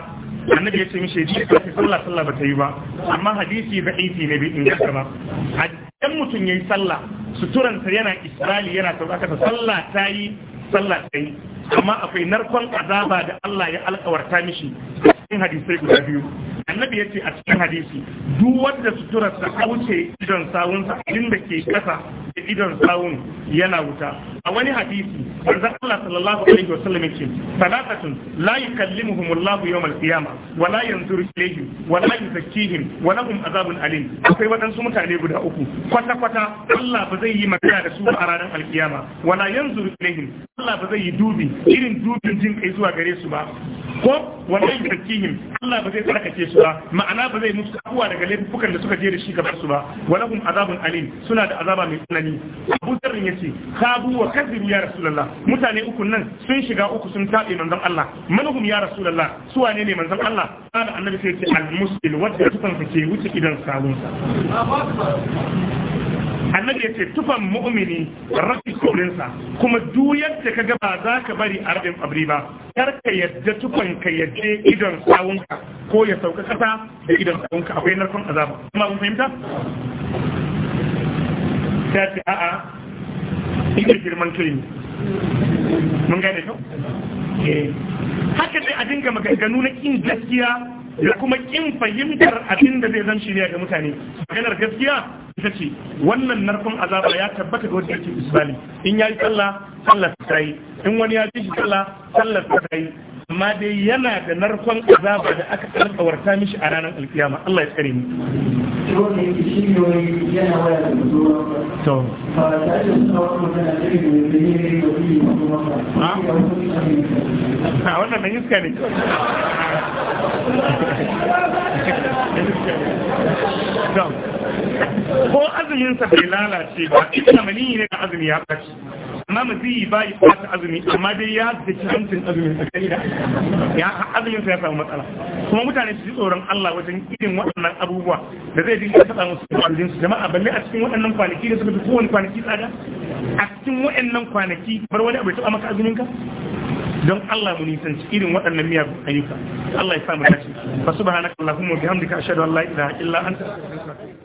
A: annabi ya ce mishi ji ka sallah sallah bata yi ba amma hadisi da aiki ne bai inganta ba idan mutum ya yi sallah suturansa yana isra'ili yana sauka kasa sallah ta yi sallah ta yi amma akwai narkon azaba da Allah ya alkawarta mishi cikin hadisai guda biyu annabi ce a cikin hadisi duk wanda suturarsa ta wuce idon abin da ke kasa da idon sawun yana wuta a wani hadisi manzon Allah sallallahu alaihi wasallam yace salatatun la yukallimuhum Allah yawm al qiyama wa la yanzuru ilayhi wa la yuzakkihim wa lahum azabun alim akwai wadansu mutane guda uku kwata kwata Allah ba zai yi magana da su a ranar alkiyama wa la yanzuru ilayhim Allah ba zai yi dubi irin dubin jin kai zuwa gare su ba ko wannan yakihim Allah ba zai tsarkake su ba ma'ana ba zai musu abuwa daga laifukan da suka je da shi gaban su ba walahum azabun alim suna da azaba mai tsanani Abu Dharr yace kabu wa kadhibu ya rasulullah mutane uku nan sun shiga uku sun tabe manzon Allah manhum ya rasulullah su wane ne manzon Allah kana annabi sai ce al-muslim wanda tukan ke wuce idan sawunsa annabi ya ce tufan mu'mini rafi korinsa kuma duk yadda ka gaba ba za ka bari a rabin abri ba kar ka yadda tufan ka yadda idon sawunka ko ya sauka kasa da idon sawunka akwai narkon azaba kuma mun fahimta ta ce a'a idan girman kai ne mun gane kyau eh. haka dai a dinga maganganu na kin gaskiya da kuma kin fahimtar abin da zai zan shirya ga mutane maganar gaskiya ita ce wannan narkon azaba ya tabbata ga wanda yake in yayi sallah sallah ta yi in wani ya ji sallah sallah ta yi amma dai yana da narkon azaba da aka alkawarta mishi a ranar alkiyama Allah ya tsare mu a ah, wannan na iska ne ko azumin sa bai lalace ba ita mani ne da azumi ya ɓaci amma maziyi ba yi ɓata azumi amma dai ya da hancin azumin a kai da ya azumin sa ya samu matsala kuma mutane su ji tsoron Allah wajen irin waɗannan abubuwa da zai dinga taɓa musu kwalin su jama'a balle a cikin waɗannan kwanaki da suka fi kowane kwanaki tsada a cikin waɗannan kwanaki bar wani abu ya taɓa maka azumin ka don Allah mu nisanci irin waɗannan miyagun ayyuka Allah ya samu dace fa subhanaka allahumma bihamdika ashhadu an la ilaha illa anta astaghfiruka